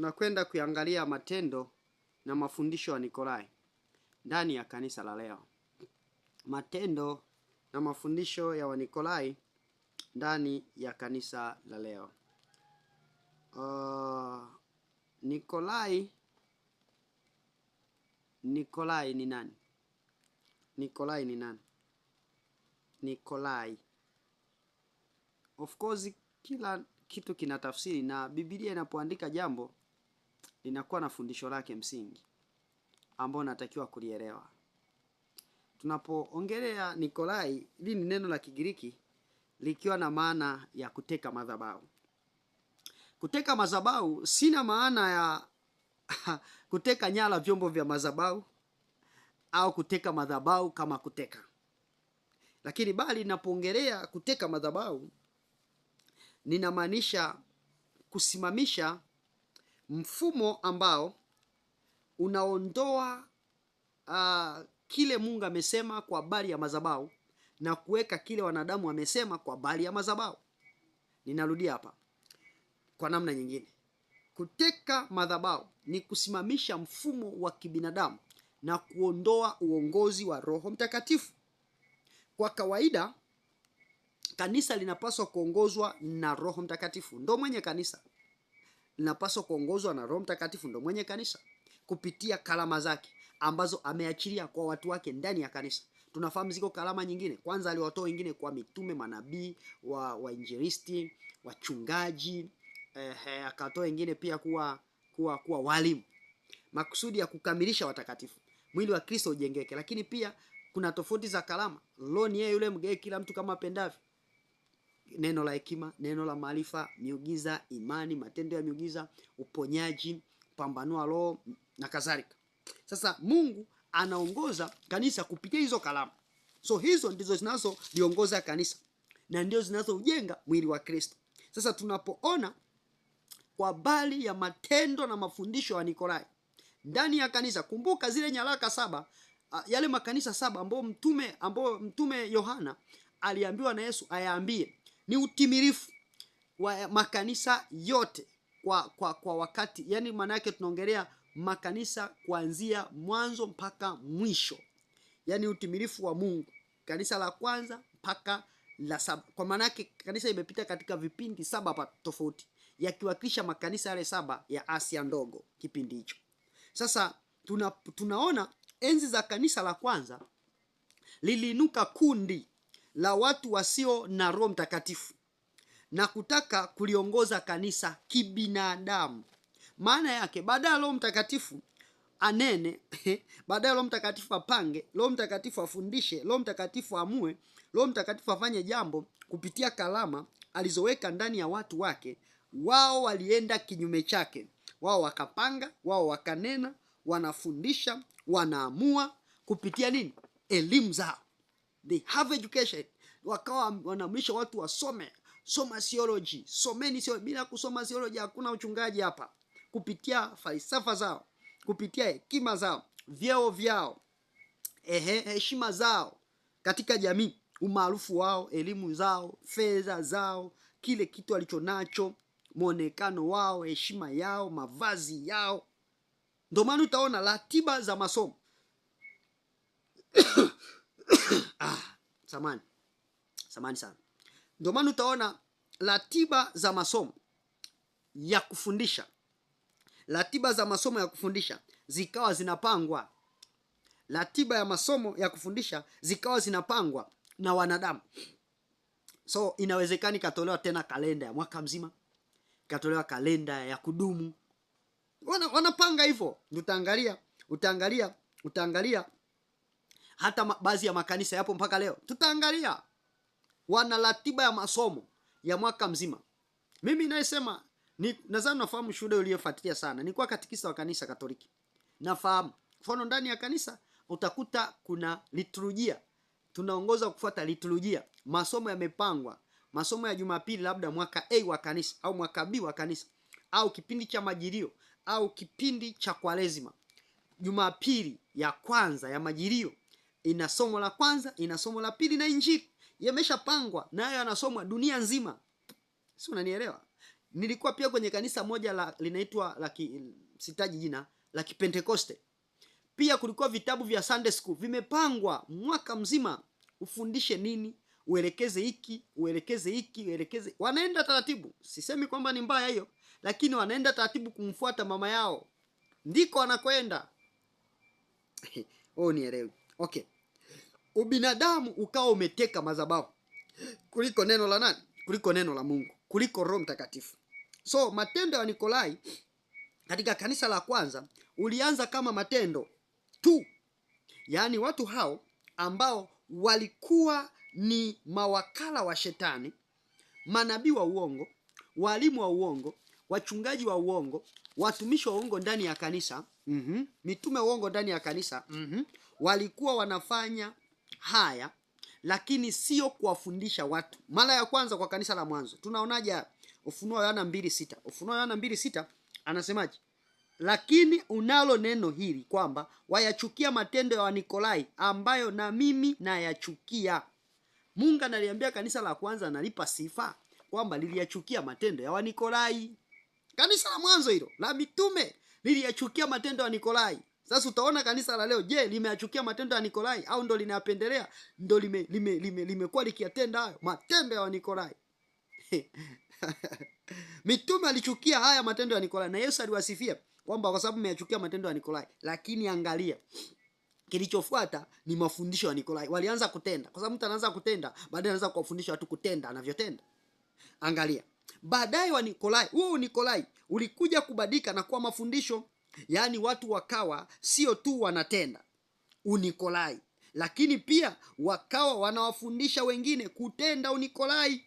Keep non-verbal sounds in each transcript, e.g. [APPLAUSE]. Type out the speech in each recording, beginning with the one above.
tunakwenda kuangalia matendo na mafundisho ya Nikolai ndani ya kanisa la leo. Matendo na mafundisho ya Wanikolai ndani ya kanisa la leo. Uh, Nikolai Nikolai ni nani? Nikolai ni nani? Nikolai. Of course kila kitu kina tafsiri na Biblia inapoandika jambo linakuwa na fundisho lake msingi ambao natakiwa kulielewa. Tunapoongelea Nikolai, hili ni neno la Kigiriki likiwa na maana ya kuteka madhabahu. Kuteka madhabahu sina maana ya [LAUGHS] kuteka nyala vyombo vya madhabahu au kuteka madhabahu kama kuteka, lakini bali ninapoongelea kuteka madhabahu ninamaanisha kusimamisha mfumo ambao unaondoa uh, kile Mungu amesema kwa habari ya madhabahu na kuweka kile wanadamu wamesema kwa habari ya madhabahu. Ninarudia hapa, kwa namna nyingine, kuteka madhabahu ni kusimamisha mfumo wa kibinadamu na kuondoa uongozi wa Roho Mtakatifu. Kwa kawaida, kanisa linapaswa kuongozwa na Roho Mtakatifu, ndo mwenye kanisa linapaswa kuongozwa na Roho Mtakatifu, ndo mwenye kanisa, kupitia karama zake ambazo ameachilia kwa watu wake ndani ya kanisa. Tunafahamu ziko kalama nyingine. Kwanza aliwatoa wengine kwa mitume, manabii, wa wainjilisti, wachungaji, eh, akatoa wengine pia kuwa kuwa kuwa walimu, makusudi ya kukamilisha watakatifu, mwili wa Kristo ujengeke. Lakini pia kuna tofauti za kalama. Roho ni yeye yule mgae kila mtu kama apendavyo neno la hekima, neno la maarifa, miujiza, imani, matendo ya miujiza, uponyaji, pambanua roho na kadhalika. Sasa Mungu anaongoza kanisa kupitia hizo kalamu. So hizo ndizo zinazoliongoza kanisa na ndio zinazoujenga mwili wa Kristo. Sasa tunapoona kwa bali ya matendo na mafundisho ya Nikolai ndani ya kanisa, kumbuka zile nyaraka saba, yale makanisa saba ambayo mtume ambayo mtume Yohana aliambiwa na Yesu ayaambie ni utimilifu wa makanisa yote kwa, kwa, kwa wakati yaani maana yake tunaongelea makanisa kuanzia mwanzo mpaka mwisho yaani utimilifu wa mungu kanisa la kwanza mpaka la saba kwa maana yake kanisa imepita katika vipindi saba tofauti yakiwakilisha makanisa yale saba ya asia ndogo kipindi hicho sasa tuna, tunaona enzi za kanisa la kwanza liliinuka kundi la watu wasio na Roho Mtakatifu na kutaka kuliongoza kanisa kibinadamu. Maana yake baada ya Roho Mtakatifu anene, [LAUGHS] baada ya Roho Mtakatifu apange, Roho Mtakatifu afundishe, Roho Mtakatifu amue, Roho Mtakatifu afanye jambo kupitia kalama alizoweka ndani ya watu wake, wao walienda kinyume chake. Wao wakapanga, wao wakanena, wanafundisha, wanaamua kupitia nini? Elimu zao they have education, wakawa wanaamrisha watu wasome. Soma theology, someni sio Bila kusoma theology hakuna uchungaji hapa, kupitia falsafa zao, kupitia hekima zao, vyeo vyao, ehe, heshima zao katika jamii, umaarufu wao, elimu zao, fedha zao, kile kitu alichonacho, mwonekano wao, heshima yao, mavazi yao. Ndio maana utaona ratiba za masomo [COUGHS] samani samani sana. Ndio maana utaona ratiba za masomo ya kufundisha, ratiba za masomo ya kufundisha zikawa zinapangwa, ratiba ya masomo ya kufundisha zikawa zinapangwa na wanadamu. So inawezekana ikatolewa tena kalenda ya mwaka mzima, ikatolewa kalenda ya kudumu. Wana, wanapanga hivyo, utaangalia utaangalia utaangalia hata baadhi ya makanisa yapo mpaka leo. Tutaangalia, wana ratiba ya masomo ya mwaka mzima. Mimi naisema ni nadhani nafahamu shule uliyofuatilia sana. Nilikuwa katikisa wa kanisa Katoliki. Nafahamu. Mfano ndani ya kanisa utakuta kuna liturujia. Tunaongoza kufuata liturujia. Masomo yamepangwa. Masomo ya Jumapili labda mwaka A wa kanisa au mwaka B wa kanisa au kipindi cha majirio au kipindi cha kwalezima Jumapili ya kwanza ya majirio ina somo la kwanza, ina somo la pili na Injili. Yameshapangwa nayo yanasomwa dunia nzima, si unanielewa? Nilikuwa pia kwenye kanisa moja la linaitwa la sitaji jina la Kipentekoste. Pia kulikuwa vitabu vya Sunday school vimepangwa mwaka mzima, ufundishe nini, uelekeze hiki, uelekeze hiki, uelekeze. Wanaenda taratibu, sisemi kwamba ni mbaya hiyo, lakini wanaenda taratibu kumfuata mama yao, ndiko wanakwenda. [LAUGHS] Oh, nielewi. Okay, ubinadamu ukawa umeteka madhabahu kuliko neno la nani? Kuliko neno la Mungu, kuliko Roho Mtakatifu. So matendo ya Nikolai katika kanisa la kwanza ulianza kama matendo tu, yaani watu hao ambao walikuwa ni mawakala wa Shetani, manabii wa uongo, walimu wa uongo, wachungaji wa uongo, watumishi wa uongo ndani ya kanisa, mm -hmm. mitume wa uongo ndani ya kanisa, mm -hmm walikuwa wanafanya haya lakini sio kuwafundisha watu. Mara ya kwanza kwa kanisa la mwanzo tunaonaja Ufunuo Yohana mbili sita Ufunuo Yohana mbili sita anasemaje? Lakini unalo neno hili kwamba wayachukia matendo ya Wanikolai ambayo na mimi nayachukia. Mungu analiambia kanisa la kwanza, analipa sifa kwamba liliyachukia matendo ya Wanikolai. Kanisa la mwanzo hilo la mitume liliyachukia matendo ya nikolai sasa utaona kanisa la leo, je, limeachukia matendo ya Nikolai au ndo linayapendelea? Ndo limekuwa lime, lime, lime likiyatenda hayo matendo ya Wanikolai. [LAUGHS] Mitume alichukia haya matendo ya Nikolai na Yesu aliwasifia kwamba kwa sababu meachukia matendo ya Nikolai. Lakini angalia kilichofuata ni mafundisho ya Nikolai. Walianza kutenda, kwa sababu mtu anaanza kutenda, baadaye anaanza kuwafundisha watu kutenda anavyotenda. Angalia baadaye wa Nikolai, huo Nikolai ulikuja kubadika na kuwa mafundisho yaani watu wakawa sio tu wanatenda unikolai, lakini pia wakawa wanawafundisha wengine kutenda unikolai,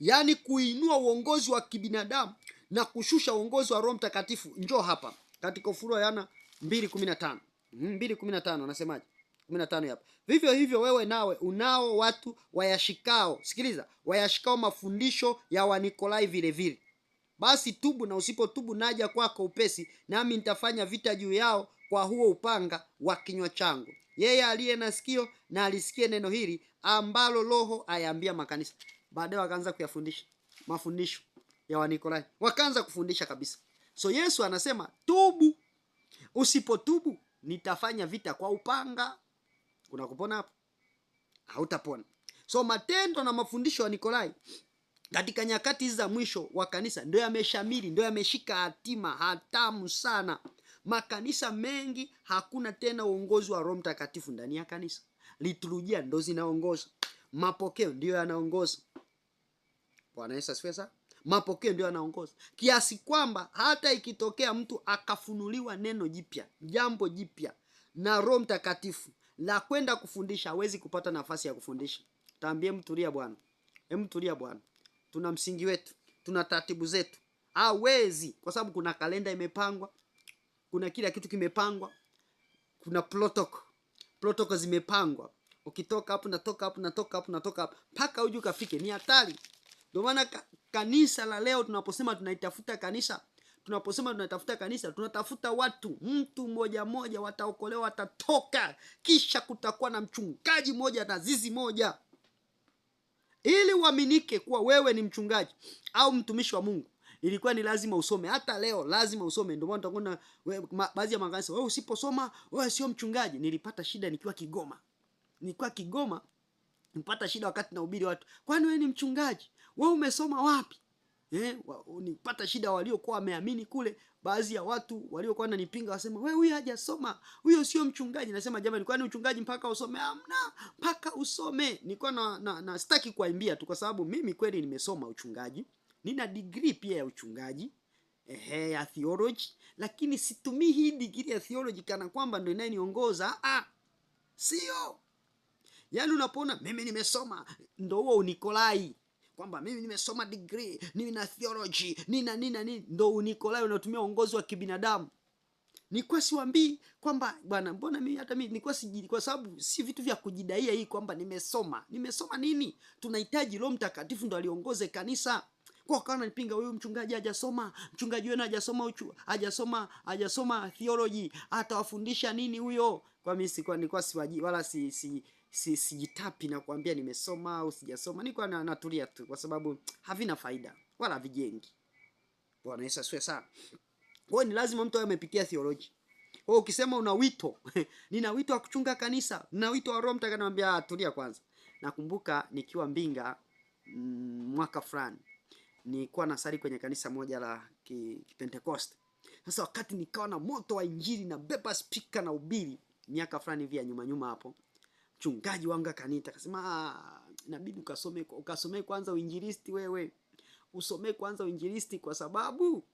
yaani kuinua uongozi wa kibinadamu na kushusha uongozi wa Roho Mtakatifu. Njoo hapa katika Ufunuo Yohana 2:15 2:15 anasemaje? hapa. Vivyo hivyo wewe nawe unao watu wayashikao, sikiliza, wayashikao mafundisho ya Wanikolai vile vile basi tubu, na usipotubu naja kwako upesi, nami nitafanya vita juu yao kwa huo upanga wa kinywa changu. Yeye aliye na sikio na alisikie neno hili ambalo Roho ayaambia makanisa. Baadaye wakaanza kuyafundisha mafundisho ya Wanikolai, wakaanza kufundisha kabisa. So Yesu anasema tubu, usipotubu nitafanya vita kwa upanga. Kuna kupona hapo? Hautapona. So matendo na mafundisho ya Nikolai katika nyakati za mwisho wa kanisa ndio yameshamiri, ndio yameshika hatima hatamu sana. Makanisa mengi hakuna tena uongozi wa Roho Mtakatifu ndani ya kanisa. Liturujia ndo zinaongoza, mapokeo ndio yanaongoza. Bwana Yesu asifiwe sana. Mapokeo ndio yanaongoza, kiasi kwamba hata ikitokea mtu akafunuliwa neno jipya, jambo jipya na Roho Mtakatifu la kwenda kufundisha, hawezi kupata nafasi ya kufundisha. Taambie mtulia bwana, emtulia bwana tuna msingi wetu, tuna taratibu zetu. Hawezi, kwa sababu kuna kalenda imepangwa, kuna kila kitu kimepangwa, kuna protocol, protocol zimepangwa. Ukitoka hapo natoka hapo natoka hapo natoka hapo mpaka uje ukafike, ni hatari. Ndio maana ka, kanisa la leo tunaposema tunaitafuta kanisa tunaposema tunatafuta kanisa, tunatafuta watu, mtu mmoja mmoja wataokolewa, watatoka, kisha kutakuwa na mchungaji mmoja na zizi moja. Ili uaminike kuwa wewe ni mchungaji au mtumishi wa Mungu, ilikuwa ni lazima usome. Hata leo lazima usome. Ndio maana utakuona baadhi ya makanisa, wewe usiposoma wewe sio mchungaji. Nilipata shida nikiwa Kigoma, nilikuwa Kigoma nipata shida wakati nahubiri watu, kwani wewe ni mchungaji? Wewe umesoma wapi? eh, wa, nipata shida waliokuwa wameamini kule. Baadhi ya watu waliokuwa wananipinga wasema, wewe huyu hajasoma, huyo sio mchungaji. Nasema jamani, kwani uchungaji mpaka usome? amna mpaka usome. Nilikuwa na, na, na sitaki kuimbia tu, kwa sababu mimi kweli nimesoma uchungaji, nina degree pia ya uchungaji ehe, ya theology, lakini situmii hii degree ya theology kana kwamba ndio inayoniongoza. Ah, sio. Yaani unapoona mimi nimesoma, ndio huo Unikolai kwamba mimi nimesoma degree, nina theology, nina nina nini, ndo Unikolai unatumia uongozi wa kibinadamu. Nilikuwa siwaambii kwamba bwana, mbona mimi hata mimi nilikuwa si, kwa sababu si vitu vya kujidaia hii kwamba nimesoma. Nimesoma nini? Tunahitaji Roho Mtakatifu ndo aliongoze kanisa. Kwa wakawa wananipinga, huyu mchungaji hajasoma, mchungaji wenu hajasoma, uchu hajasoma, hajasoma theology, atawafundisha nini huyo? Kwa mimi sikuwa nilikuwa siwaji wala si, si si, sijitapi na kuambia nimesoma au sijasoma, niko na, natulia tu, kwa sababu havina faida wala vijengi Bwana Yesu asifiwe sana. Kwa ni lazima mtu awe amepitia theology. Kwa ukisema una wito [LAUGHS] nina wito wa kuchunga kanisa, nina wito wa Roho Mtakatifu, anambia ah, tulia kwanza. Nakumbuka nikiwa Mbinga mm, mwaka fulani nilikuwa nasali kwenye kanisa moja la Kipentekoste. Sasa wakati nikawa na moto wa Injili na beba spika na ubiri miaka fulani hivi ya nyuma nyuma hapo mchungaji wangu akaniita akasema, ah, inabidi ukasome ukasome kwanza uinjilisti wewe, usome kwanza uinjilisti kwa sababu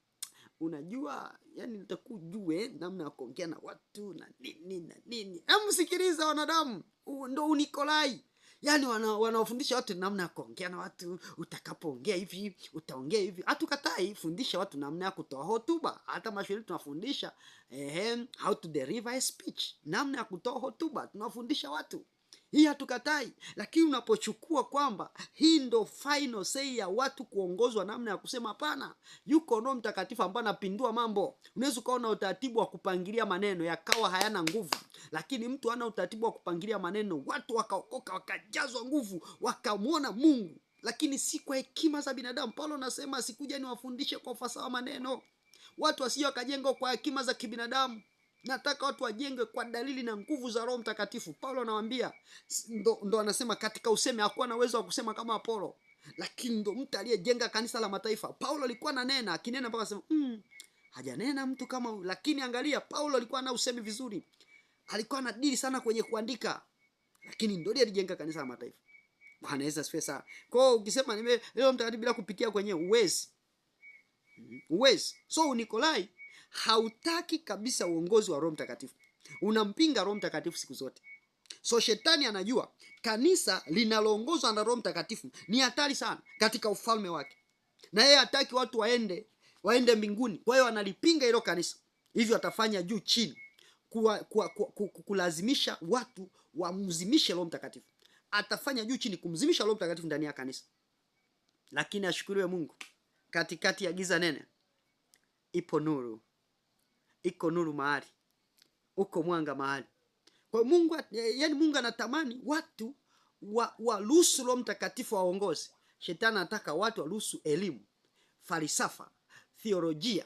unajua yani, nitakujue namna ya kuongea na watu na nini na nini. Hebu sikiliza, wanadamu ndo unikolai yani wanaofundisha wana watu namna ya kuongea na watu, utakapoongea hivi utaongea hivi. Hatukatai, fundisha watu namna ya kutoa hotuba. Hata mashuhuri tunafundisha eh, how to deliver a speech, namna ya kutoa hotuba tunawafundisha watu hii hatukatai, lakini unapochukua kwamba hii ndo final say ya watu kuongozwa namna ya kusema hapana, yuko Roho Mtakatifu ambaye anapindua mambo. Unaweza ukaona utaratibu wa kupangilia maneno yakawa hayana nguvu, lakini mtu ana utaratibu wa kupangilia maneno, watu wakaokoka, wakajazwa nguvu, wakamwona Mungu, lakini si kwa hekima za binadamu. Paulo anasema sikuja niwafundishe kwa ufasaha maneno, watu wasije wakajenga kwa hekima za kibinadamu nataka watu wajengwe kwa dalili na nguvu za Roho Mtakatifu. Paulo anawambia ndo, ndo anasema katika useme hakuwa na uwezo wa kusema kama Apolo, lakini ndo mtu aliyejenga kanisa la mataifa. Paulo alikuwa ananena, akinena mpaka sema mm, hajanena mtu kama huyu. Lakini angalia, Paulo alikuwa na usemi vizuri, alikuwa na dili sana kwenye kuandika, lakini ndo alijenga kanisa la mataifa. Bwana Yesu asifiwe sana. Kwa hiyo ukisema nime leo mtakatifu bila kupitia kwenye uwezi mm-hmm. uwezi, so Nikolai hautaki kabisa uongozi wa Roho Mtakatifu, unampinga Roho Mtakatifu siku zote. So shetani anajua kanisa linaloongozwa na Roho Mtakatifu ni hatari sana katika ufalme wake, na yeye hataki watu waende waende mbinguni. Kwa hiyo analipinga hilo kanisa, hivyo atafanya juu chini kuwa, kuwa, kuwa, kuwa, kulazimisha watu wamzimishe Roho Mtakatifu. Atafanya juu chini kumzimisha Roho Mtakatifu ndani ya kanisa. Lakini ashukuriwe Mungu, katikati ya giza nene ipo nuru iko nuru mahali, uko mwanga mahali. Kwa Mungu, yani Mungu anatamani watu wa waruhusu Roho Mtakatifu waongoze. Shetani anataka watu waruhusu elimu, falsafa, theolojia,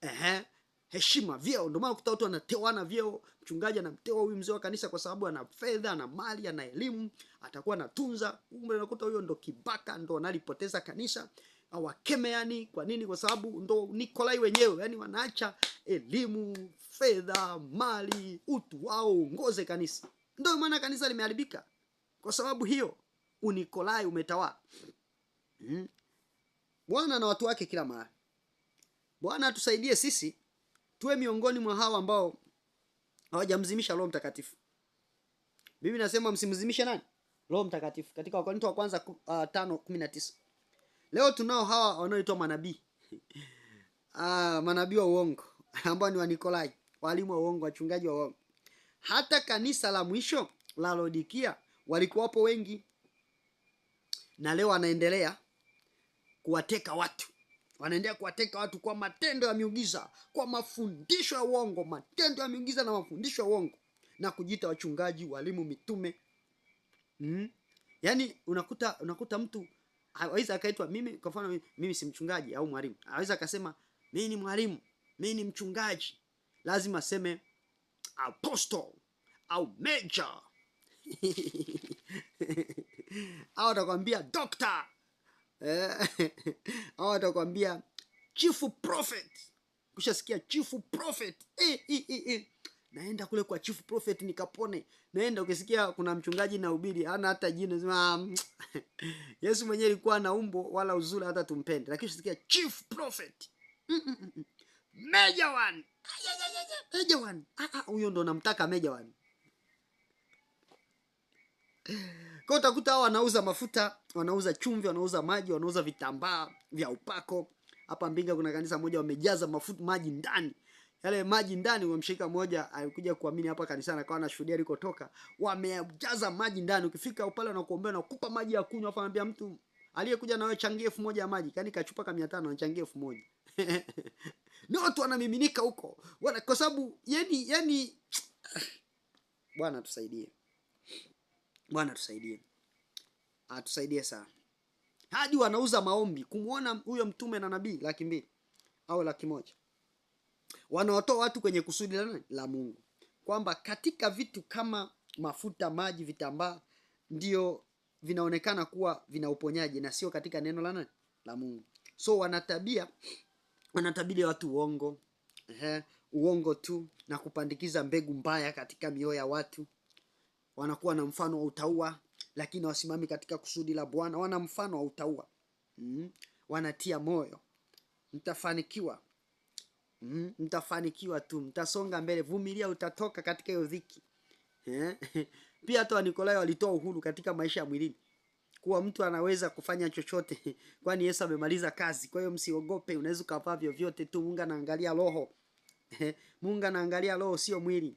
ehe, heshima, vyeo. Ndio maana ukuta watu wanatewana vyeo. Mchungaji anamtewa huyu mzee wa kanisa kwa sababu ana fedha, ana mali, ana elimu, atakuwa anatunza. Kumbe unakuta huyo ndo kibaka, ndo analipoteza kanisa. Awakeme yani, kwa nini? Kwa sababu ndo Nikolai wenyewe, yani wanaacha elimu, fedha, mali, utu wao uongoze kanisa. Ndio maana kanisa limeharibika kwa sababu hiyo. Unikolai umetawala hmm. Bwana na watu wake kila mahali. Bwana atusaidie sisi tuwe miongoni mwa hawa ambao hawajamzimisha Roho Mtakatifu. Bibi nasema msimzimishe nani? Roho Mtakatifu katika wakorinto wa kwanza uh, tano kumi na tisa. Leo tunao hawa wanaoitwa manabii [LAUGHS] ah, manabii wa uongo [LAUGHS] ambao ni Wanikolai, walimu wa uongo, wachungaji wa uongo. Hata kanisa la mwisho la Laodikia walikuwapo wengi, na leo wanaendelea kuwateka watu wanaendelea kuwateka watu kwa matendo ya miujiza, kwa mafundisho ya uongo, matendo ya miujiza na mafundisho ya uongo, na kujiita wachungaji, walimu, mitume mm. Yani unakuta unakuta mtu aweza akaitwa, mimi kwa mfano, mimi si mchungaji au mwalimu, aweza akasema mimi ni mwalimu mi ni mchungaji, lazima aseme apostle au major [LAUGHS] au atakwambia doctor [LAUGHS] au atakwambia chifu prophet. Kushasikia chifu prophet e, e, e, e. Naenda kule kwa chifu prophet nikapone. Naenda ukisikia kuna mchungaji na ubiri ana hata jina sema ah, mm. [LAUGHS] Yesu mwenyewe alikuwa na umbo wala uzuri hata tumpende, lakini ushasikia chief prophet mm -mm -mm. mm. Meja Meja huyo ndo namtaka Meja One. Kwa utakuta hao wanauza mafuta, wanauza chumvi, wanauza maji, wanauza vitambaa vya upako. Hapa Mbinga kuna kanisa moja wamejaza mafuta maji ndani. Yale maji ndani umemshika moja alikuja kuamini hapa kanisani akawa shuhudia alikotoka. Wamejaza maji ndani. Ukifika pale wanakuombea na kukupa maji ya kunywa, afa mtu Aliyekuja na wewe changia elfu moja ya maji, kani kachupa kama 500 anachangia elfu moja [LAUGHS] ni watu wanamiminika huko wana, kwa sababu yani yani, [TSK] Bwana tusaidie, Bwana tusaidie, atusaidie sana. Hadi wanauza maombi kumwona huyo mtume na nabii, laki mbili au laki moja wanaotoa watu kwenye kusudi la nani? La Mungu, kwamba katika vitu kama mafuta, maji, vitambaa ndio vinaonekana kuwa vina uponyaji na sio katika neno la nani la Mungu. So wanatabia wanatabiria watu uongo ehe, uongo tu na kupandikiza mbegu mbaya katika mioyo ya watu. Wanakuwa na mfano wa utaua, lakini wasimami katika kusudi la Bwana. Wana mfano wa utaua mm. Wanatia moyo mtafanikiwa mm. Mtafanikiwa tu, mtasonga mbele, vumilia, utatoka katika hiyo dhiki eh. [LAUGHS] Pia hata Wanikolai walitoa uhuru katika maisha ya mwilini, kuwa mtu anaweza kufanya chochote, [LAUGHS] kwani Yesu amemaliza kazi. Kwa hiyo msiogope, unaweza ukavaa vyovyote tu. Mungu anaangalia roho [LAUGHS] Mungu anaangalia roho, sio mwili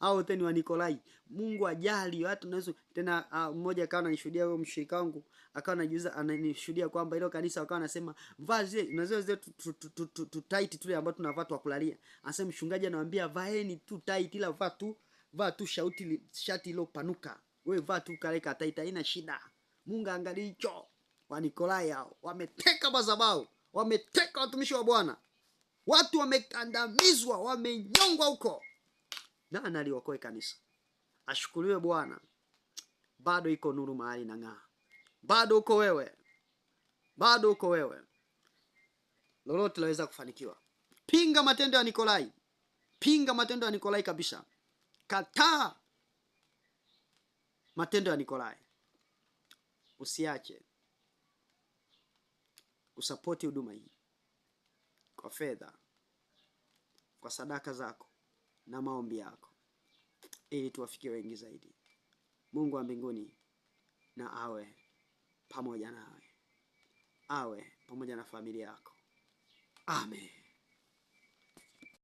au [LAUGHS] teni wa Nikolai. Mungu ajali watu naweza tena. Uh, mmoja akawa ananishuhudia huyo mshirika wangu akawa anajiuza ananishuhudia kwamba ile kanisa wakawa anasema vaa zile unaweza zile tu tight tule ambayo tunavaa tu kulalia. Anasema mchungaji anawaambia vaeni tu tight ila vaa tu vaa tu shauti shati ilopanuka, we vaa tu kale kataita, ina shida. Mungu angalia hicho. Nikolai hao wameteka madhabahu, wameteka watumishi wa Bwana, watu wamekandamizwa, wamenyongwa huko. na analiokoe kanisa? Ashukuriwe Bwana. Bado iko nuru mahali na ng'aa, bado uko wewe, bado uko wewe. Lolote laweza kufanikiwa. Pinga matendo ya Nikolai, pinga matendo ya Nikolai kabisa kataa matendo ya Nikolai, usiache usapoti huduma hii kwa fedha, kwa sadaka zako na maombi yako, ili tuwafikie wengi zaidi. Mungu wa mbinguni na awe pamoja nawe, awe pamoja na familia yako. Amen.